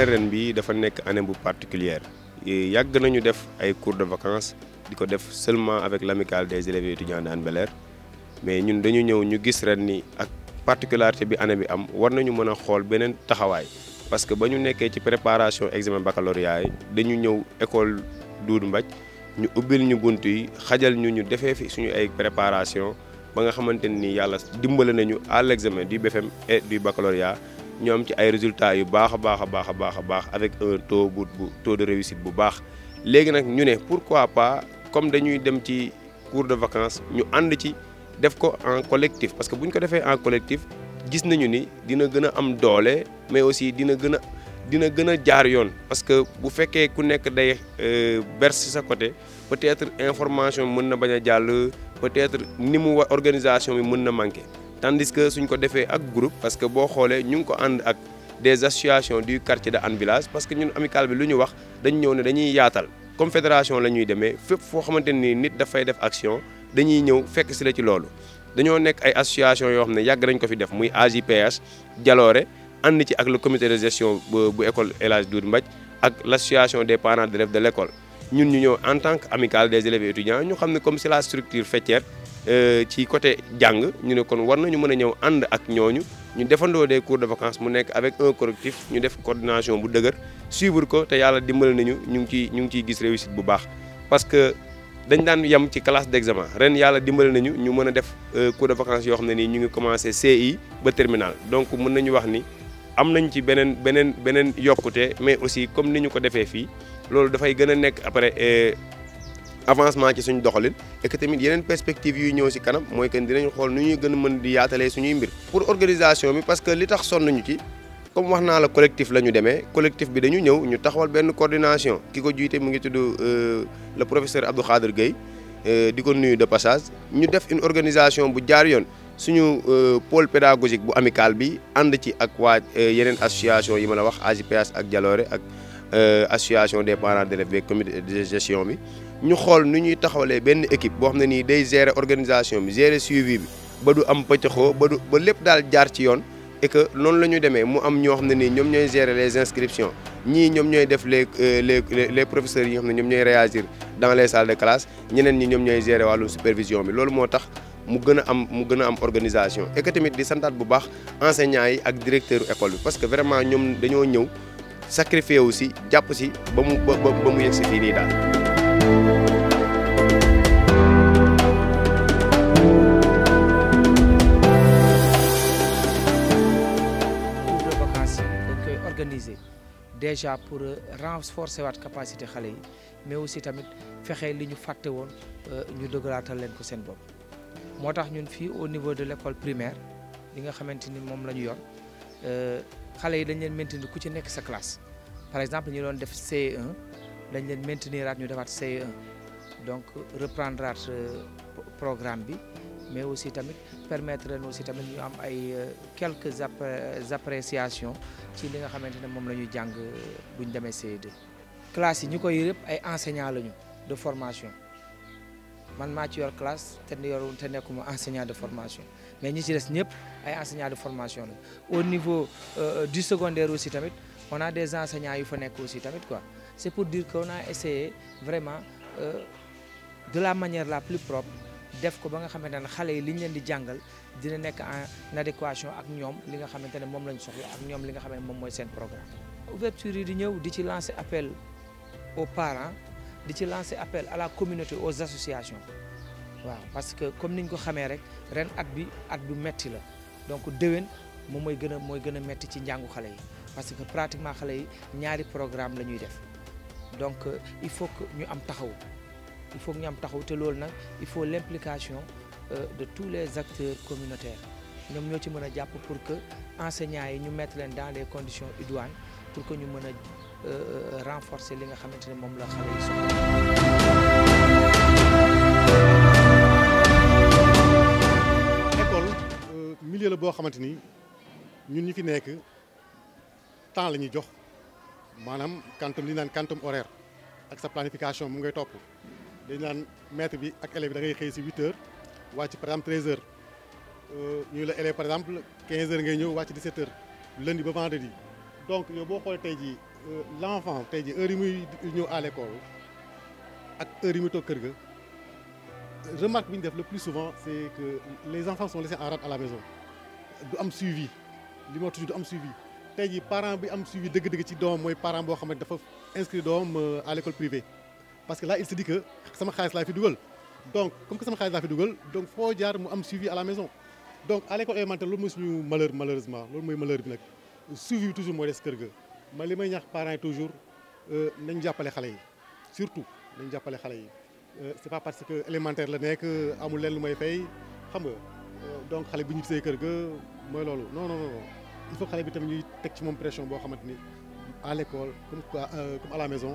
année ren bi dafa nek année bu particulière yag nañu def ay cours de vacances diko def seulement avec l'amicale des élèves étudiants d'Hann bel mais ñun dañu ñëw ñu gis ren ni ak particularité bi année bi am war nañu mëna xol benen taxaway parce que bañu ñu ci préparation examen baccalauréat yi dañu ñëw école Doudou Mbadj ñu ubbil ñu bunt yi xajal ñu ñu défé fi suñu ay préparation ba nga xamante yalla dimbalé nañu à l'examen du BFM et du baccalauréat ñom ci ay résultats yu baax a baax a baax avec un taux bu taux de réussite bu baax légui nak ñu né pourquoi pas comme dañuy dem ci cours de vacances ñu and ci def ko en collectif parce que buñ ko défé en collectif gis nañu ni dina gëna am doole mais aussi dina gëna dina gëna jaar yoon parce que bu féké ku nekk day euh, berse sa côté peut-être information mëna baña jall peut-être ni mu organisation bi mën na tandis que nous avons fait un groupe parce que nous avons des associations du quartier de Anne parce que nous, bi la confédération. fait nous def action dañuy ñëw fekk des la ci fait des ay association avec le comité de gestion de l'école El des parents de l'école. Nous, nous en tant que des élèves et étudiants nous avons la structure fêtière Euh, ci côté jàng ñu ne kon war nañu mën a ñëw ànd ak ñooñu ñu defandoo des cours de vacances mu nekk avec un collectif ñu def coordination bu dëgër suivre ko te yàlla dimbali nañu ñu ngi ciy ñu ngi ciy gis réussite bu baax parce que dañ daan yem ci classe d'examen ren yàlla dimbali nañu ñu mën a def euh, cours de vacances yoo xam ne nii ñu ngi commencé CI ba terminal donc mën nañu wax ni am nañ ci beneen beneen beneen yokkute mais aussi comme ni ñu ko defee fii loolu dafay gën a nekk après euh, avancement ci suñu doxalin et tamit yeneen perspective yuy ñëw si kanam mooy que dinañ xool nu ñuy gën a mën di yaatalee suñuy mbir. pour organisation bi parce que li tax sonn ñu ci comme wax naa la collectif la ñu demee collectif bi dañu ñëw ñu taxawal benn coordination ki ko jiite mu ngi tudd euh, le professeur Abdou Khader Gueye euh, di ko nuyu de passage ñu def une organisation bu jaar yoon suñu euh, pôle pédagogique bu amical bi ànd ci ak waa yeneen association yi ma la wax AGPH ak Jaloore ak association des parents d'élèves comité de gestion bi. ñu xool nu ñuy taxawalee benn équipe bo xamné ni day gérer organisation bi gérer suivi bi ba du am pëccëxoo ba du ba lépp daal jaar ci yoon et que non la démé mu am ñoo xamné ni ñom ñoy gérer les inscriptions ñi ñom ñoy def euh, les les les professeurs yi xamné ñom ñoy réagir dans les salles de classe ñeneen ñi ñom ñoy gérer walu supervision bi loolu motax mu gëna am mu gëna am organisation et que tamit di santat bu baax enseignants yi ak directeur école bi parce que vraiment ñom dañoo ñëw sacrifier aussi japp ci ba mu ba mu yegg si fii dal déjà pour euh, renforcer votre capacité xale mais aussi tamit fexé liñu faté won ñu euh, dëggalaatal leen ko seen bop motax ñun fi au niveau de l'école primaire li nga xamante mom lañu la ñu yor euh, xale yi dañ leen maintenir ku ci nekk sa classe par exemple ñu doon def CE1 dañ leen maintenir rat ñu defat CE1 donc reprendre programme bi mais aussi tamit permettre à aussi tamit ñu am ay euh, quelques euh, appréciations ci li nga xamantene mom moom la euh, buñ démé e classe yi koy ay enseignants lañu de formation man ma ci yor classe te yor te nekkuma enseignant de formation mais ñi ci dess ñëpp ay enseignants de formation au niveau du secondaire aussi tamit on a des enseignants yu fa aussi tamit quoi c'est pour dire qu'on a essayé vraiment de la manière la plus propre def ko ba nga xamante ne xale yi li ñu leen di jàngal dina nekk en adéquation ak ñom li nga xamante ne moom lañ soxla ak ñom li nga xamante mom moy sen programme. ouverture yi di ñëw di ci lancer appel aux parents di ci lancer appel à la communauté aux associations waaw parce que comme niñ ko xamé rek ren at bi at bu metti la donc dewen mom moy gëna moy gëna metti ci njàngu xalé yi parce que pratiquement xalé yi ñaari programme lañuy def donc euh, il faut que ñu am taxaw il faut que ñu am taxaw te il faut l'implication euh, de tous les acteurs communautaires Nous ñoo ci mën pour que enseignants yi ñu mettre dans les conditions idoines pour que ñu mën a euh, renforcer li nga xamante ne la xale yi soxla. école euh, milieu la boo xamante ni ñun ñu fi nekk temps la ñuy jox maanaam quantum li horaire ak sa planification mu ngay top dañu maître bi ak élève da ngay xëy ci 8h ou par exemple 13h euh, ñu la élève par exemple 15h ngay ñëw 17h lundi ba vendredi donc yow boo xoolee tey jii euh, l'enfant enfant tey jii heure yi muy ñëw à l' école ak heure yi muy toog kër ga remarque bi ñu def le plus souvent c'est que les enfants sont laissés en rade à la maison du am suivi li ma toujours du am suivi tey jii parent bi am suivi dëgg-dëgg ci doomam mooy parent boo xam ne dafa inscrit euh, à l'école privée parce que là il se dit que sama xaalis la fi dugal donc comme que sama xaalis la fi dugal donc fo jaar mu am suivi à la maison donc à l'école élémentaire lolu mooy suñu malheur malheureusement lolu moy malheur bi nak suivi toujours mooy des kër ga ma li may ñaax parents yi toujours euh, nañ jàppale xale yi surtout nañ jappalé xalé yi euh c'est pas parce que élémentaire la nek amul leen lu may fay xam nga euh, donc xalé bi ñu gisee kër ga mooy loolu non non non il faut xalé bi tam ñuy tek ci mom pression bo xamanteni à l'école comme euh, comme à la maison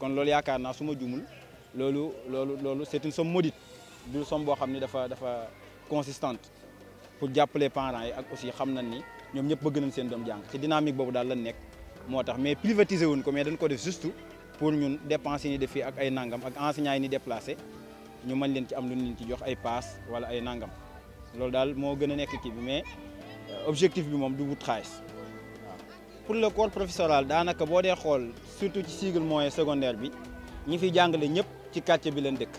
kon loolu yakarna suma djumul ma jumul loolu c'est une somme maudite du somme bo xamni dafa dafa consistante pour jàppale parents yi ak aussi xamnañ ni ñom ñëpp bëgg nañ seen doom jang ci dynamique bobu dal la nek motax mais privatiser wuñ ko mais dañ ko def juste pour ñun dépenser ni def fii ak ay nangam ak enseignants yi ni déplacer ñu mën leen ci am lu ñu ci jox ay paas wala ay nangam loolu dal mo gëna nek nekk bi mais objectif bi mom du wut xaalis pour le corps professoral danaka bo dee xol surtout ci cycle moyen secondaire bi ñi fi jàngale ñëpp ci quartier bi leen dëkk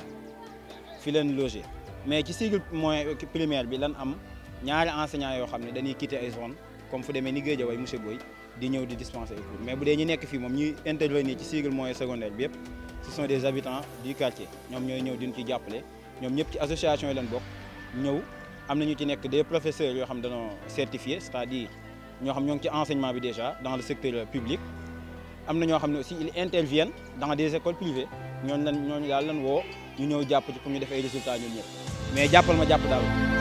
fi leen loger mais ci cycle moyen primaire bi lan am ñaari enseignants yo xamné dañuy quitter ay zone comme fu démé ni Guédiawaye monsieur Boy di ñëw di dispenser ay cours mais bu dé ñi nekk fi mom ñuy intervenir ci cycle moyen secondaire bi yépp ce sont des habitants du quartier ñom ñoy ñëw diñu ci jappalé ñom ñëpp ci association yi leen bokk ñëw am na ñu ci nekk des professeurs yo xamné ne dañoo certifié c'est-à-dire nous avons déjà ngi ci enseignement déjà dans le secteur public Nous na aussi ils interviennent dans des écoles privées Nous avons ñooñu des ñu ci résultats mais jàppal ma jàpp daal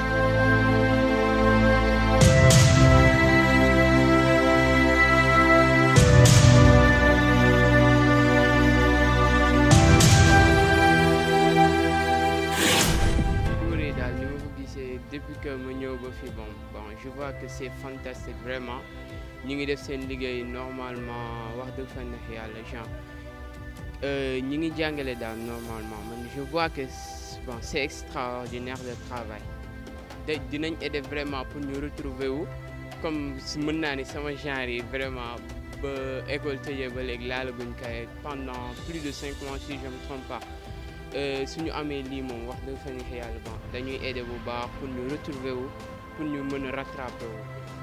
que c'est fantastique vraiment normalement wax euh, normalement je vois que c'est extraordinaire le travail vraiment pour nous retrouver comme mën suis vraiment école pendant plus de cinq mois si je me trompe pas euh, suñu nous lii wax pour nous retrouver pour ñu mën a